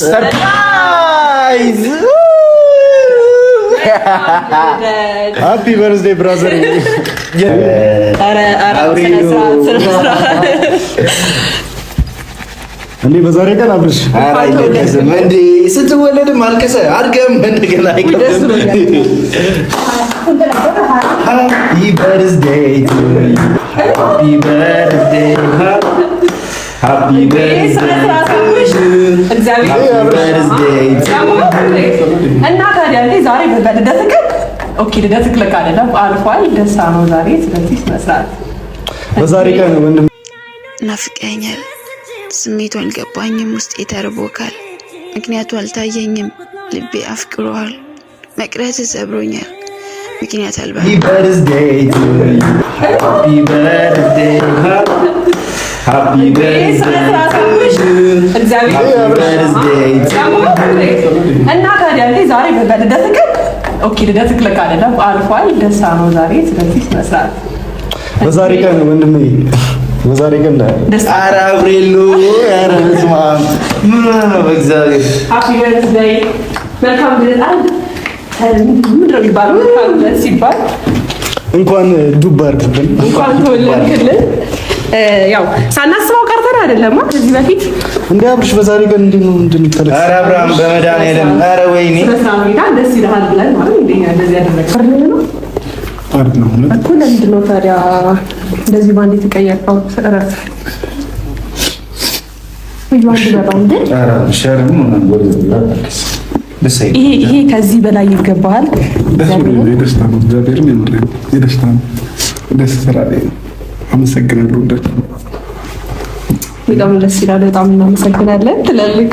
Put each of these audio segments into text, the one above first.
ሰርፕራይዝ ሃፒ በርዝዴ ብራዘር። እንዴ በዛሬ ቀን አብርሽ እንዴ ስትወለድም አልቀሰ አድገም እንደገና እና ታዲያ ዛሬ ልደትህ ኦኬ፣ ልደትህ ልክ አይደለም አልፏል። ደስ ነው ዛሬ። ስለዚህ ስነ በዛሬ ቀን ወንድም ናፍቀኛል። ስሜቱ አልገባኝም። ውስጤ ተርቦካል። ምክንያቱ አልታየኝም። ልቤ አፍቅሮሃል። መቅረት ሰብሮኛል። ምክንያት አልባ ሃፒ እና ታዲያ ዛሬ ልደትህ ኦኬ፣ ልደትህ ልክ አይደለም፣ አልፏል። ደስታ ነው ዛሬ። ስለዚህ ስነ ስርዓት በዛሬ ቀን ወንድሜ በዛሬ ቀን ኧረ አብሬሉ ኧረ ስማ ምን ነው በእግዚአብሔር ሃፒ በርዝዴይ መልካም ልደት ሲባል እንኳን ዱብ አድርግብን እንኳን ተወለድክልን ያው ሳናስበው ቀርተን አይደለም። ከዚህ በፊት እንደ አብርሽ በዛሬ ቀን እንዴት ነው እንደምትጠለቅ? ኧረ አብርሃም በመድኃኒዓለም ኧረ ወይኔ ደስ ይልሃል ብለን ማለት እንደዚህ እኮ ለምንድን ነው ታዲያ እንደዚህ ባንዴ ተቀየርከው? ይሄ ከዚህ በላይ ይገባሃል። ደስ ይላል። የደስታ ነው። እግዚአብሔርን የምር የደስታ ነው። ደስ ስራ ነው አመሰግናለሁ። በጣም ደስ ይላል። በጣም እናመሰግናለን ትላልቅ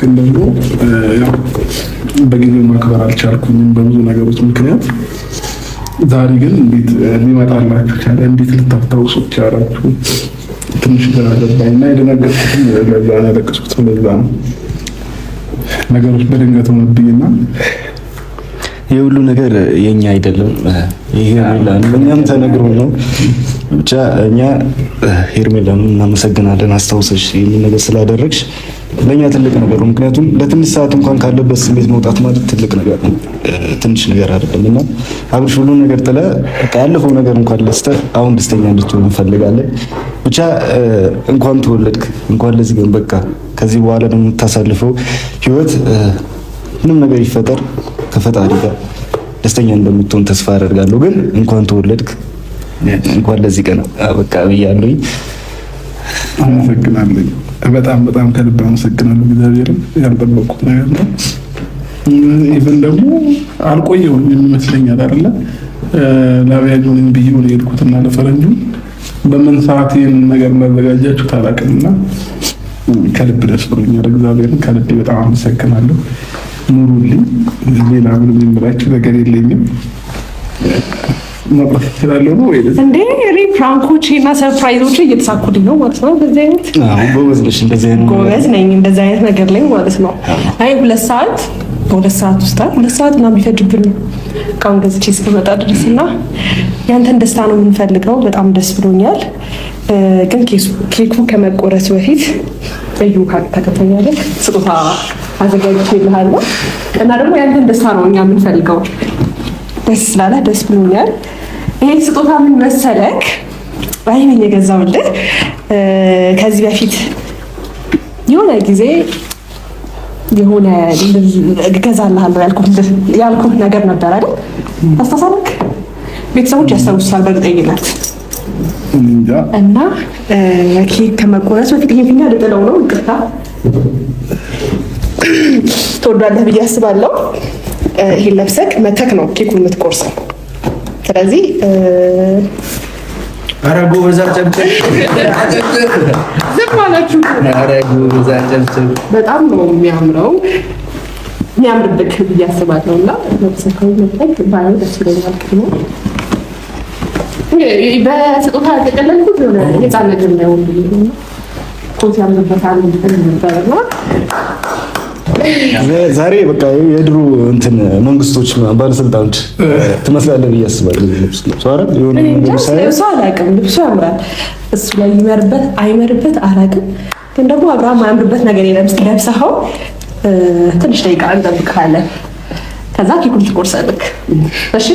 ግን ደግሞ በጊዜው ማክበር አልቻልኩኝም በብዙ ነገሮች ምክንያት። ዛሬ ግን እንዴት ሊመጣላችሁ ቻለ? እንዴት ልታስታውሱ ቻላችሁ? ትንሽ ግራ ገባኝ እና የደነገጥኩትም ለዛ ነው፣ ያለቀስኩትም ለዛ ነው። ነገሮች በድንገት ሆነብኝና የሁሉ ነገር የኛ አይደለም። ሄርሜላን እኛም ተነግሮ ነው ብቻ እኛ ሄርሜላን እናመሰግናለን፣ አስታውሰሽ ይህን ነገር ስላደረግሽ ለእኛ ትልቅ ነገር ነው። ምክንያቱም ለትንሽ ሰዓት እንኳን ካለበት ስሜት መውጣት ማለት ትልቅ ነገር ነው፣ ትንሽ ነገር አይደለም። እና አብርሽ ሁሉን ነገር ጥለ በቃ ያለፈው ነገር እንኳን ለስተ አሁን ደስተኛ እንድትሆን እንፈልጋለን። ብቻ እንኳን ተወለድክ፣ እንኳን ለዚህ ግን በቃ ከዚህ በኋላ ደግሞ የምታሳልፈው ህይወት ምንም ነገር ይፈጠር ከፈጣሪ ጋር ደስተኛ እንደምትሆን ተስፋ አደርጋለሁ። ግን እንኳን ተወለድክ፣ እንኳን ለዚህ ቀን በቃ ብያለሁኝ። አመሰግናለኝ። በጣም በጣም ከልብ አመሰግናለሁ። እግዚአብሔርን ያልጠበቁ ነገር ነው። ኢቨን ደግሞ አልቆየሁም የሚመስለኛል አይደለ ላቢያጆንን ብዬ ነው የሄድኩትና ለፈረንጁ በምን ሰዓት ይህን ነገር እንዳዘጋጃችሁት አላውቅምና ከልብ ደስ ብሎኛል። እግዚአብሔርን ከልብ በጣም አመሰግናለሁ። ኑሩልኝ። ሌላ ምንም የምላችሁ ነገር የለኝም። ማብራት እችላለሁ ነው ወይ እንዴ? እኔ ፍራንኮች እና ሰርፕራይዞች እየተሳኩልኝ ነው ማለት ነው። በዚህ አይነት ጎበዝ ነሽ፣ እንደዚህ አይነት ጎበዝ ነኝ፣ እንደዚህ አይነት ነገር ላይ ማለት ነው። አይ ሁለት ሰዓት በሁለት ሰዓት ውስጥ ሁለት ሰዓት ምናምን ቢፈጅብን እቃውን ገዝቼ እስከመጣ ድረስ እና ያንተን ደስታ ነው የምንፈልገው። በጣም ደስ ብሎኛል። ግን ኬኩ ከመቆረስ በፊት እዩ ተከፈኛለን ስጦታ አዘጋጅቼ እና ደግሞ ያንተን ደስታ ነው እኛ የምንፈልገው። ደስ ስላለ ደስ ብሎኛል። ይሄን ስጦታ ምን መሰለክ አይ ምን ከዚህ በፊት የሆነ ጊዜ የሆነ እገዛልሃለሁ ያልኩህ ነገር ነበር አይደል? አስታሳልክ ቤተሰቦች ያስታውሳል በእርግጠኝነት። እና ኬክ ከመቆረስ በፊት ኬክኛ ልጥለው ነው። ይቅርታ ትወዳለህ ብዬ አስባለሁ። ይሄን ለብሰክ መተክ ነው ኬኩን የምትቆርሰው። ስለዚህ ኧረ ጎበዝ አጨብጭብ፣ ዝም አላችሁ። ጎበዝ አጨብጭብ። በጣም ነው የሚያምረው የሚያምርብክ ብዬ አስባለሁ። እና ሰካዊ መጠቅ ባለ ደስ ይለኛል። ቅድሞ በስጦታ ያጠቀለልኩት ሆነ ህፃን ላይ ወንድ ኮት ያምርበታል ነበርና ዛሬ በቃ የድሮ እንትን መንግስቶች ባለስልጣኖች ትመስላለህ ብዬ አስባለሁ። ልብሱ አላውቅም፣ ልብሱ ያምራል። እሱ ላይ ይመርበት አይመርበት አላውቅም፣ ግን ደግሞ አብርሃም አያምርበት ነገር የለም። ለብሰኸው ትንሽ ደቂቃ እንጠብቅሃለን። ከዛ ኬኩን ትቆርሳለህ። እሺ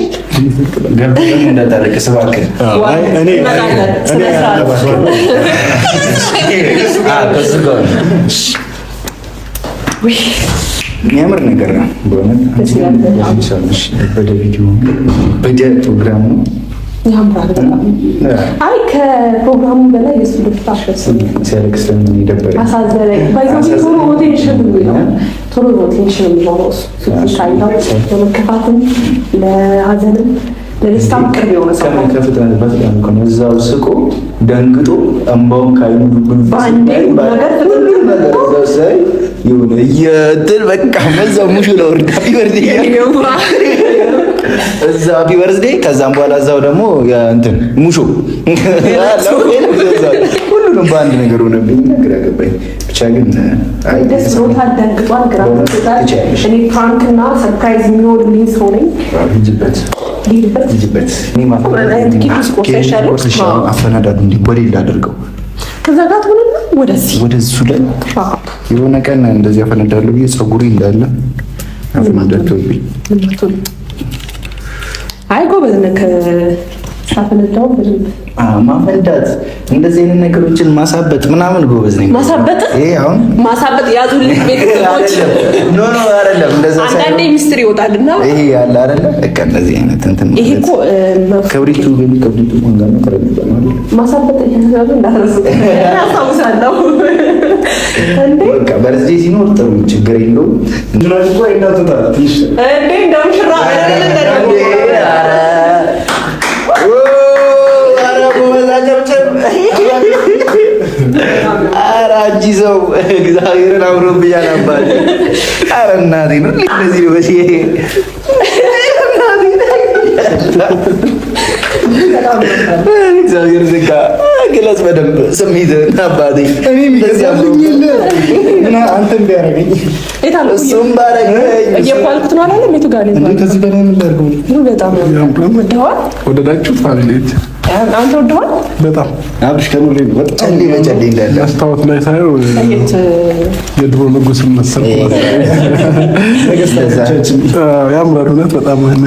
የሚያምር ነገር ነው በእውነት በደ ቪዲዮ በደ ፕሮግራሙ አይ ከፕሮግራሙ በላይ የሱ ደስታ ሲያለቅስ ለምን ይደበረ አሳዘነኝ። ቶሎ ቴንሽን ቶሎ ቴንሽን የሚሆነው ለመከፋትም ለሀዘንም ለደስታም ቅርብ የሆነ ሰው እዛው ስቆ ደንግጦ እንባውን ካይኑ የትል በቃ በዛው ሙሽ ለወርድ እዛ ሃፒ ከዛም በኋላ እዛው ደግሞ እንትን ሙሾ ሁሉም በአንድ ነገር ሆነብኝ፣ ግራ ያገባኝ ብቻ ግን ደስ ብሎታል፣ ደንግጧል፣ ግራ ገብቶታል። እኔ ሰርፕራይዝ የሚሆንልኝ ሰው ነኝ። አፈናዳዱ እንዲህ ወዴት ከዛ ጋር ትሆንና ወደዚህ ወደሱ ላይ የሆነ ቀን እንደዚህ አፈነዳለሁ ብዬ ፀጉሪ እንዳለ አፈናዳቸውብኝ። አይ ጎበዝ ነህ ማፈንዳት፣ እንደዚህ አይነት ነገሮችን ማሳበጥ ምናምን ጎበዝ ነኝ። ማሳበጥ ይሄ አሁን ማሳበጥ ያዙልኝ ቤተሰቦች። ኖ ኖ አይደለም፣ እንደዛ ሳይሆን አንዳንዴ ሚስጥር ይወጣልና ይሄ ያለ አይደለ በቃ እንደዚህ አይነት እንትን ይሄ እኮ ግን ነው ማሳበጥ በቃ ሲኖር ጥሩ ችግር የለውም። እንዴ ሽራ ይዘው እግዚአብሔርን አምሮብኝ አላባል። ኧረ እናቴ ነው እንደዚህ በሽ እግዚአብሔር ዝጋ ግለጽ በደንብ ስሜት እና አባቴ እኔ የሚገዛልኝ የለ እና አንተ እንዲያረገኝ እሱም ባረገኝ እየኳልኩት ነው አላለም። የቱ ጋር ነው ከዚህ በላይ ምን በጣም አንተ ወደዋል። በጣም አብሽ ከኑሬ ነው። በጣም ላይ ሳይው የድሮ ንጉስ ያምራል። እውነት በጣም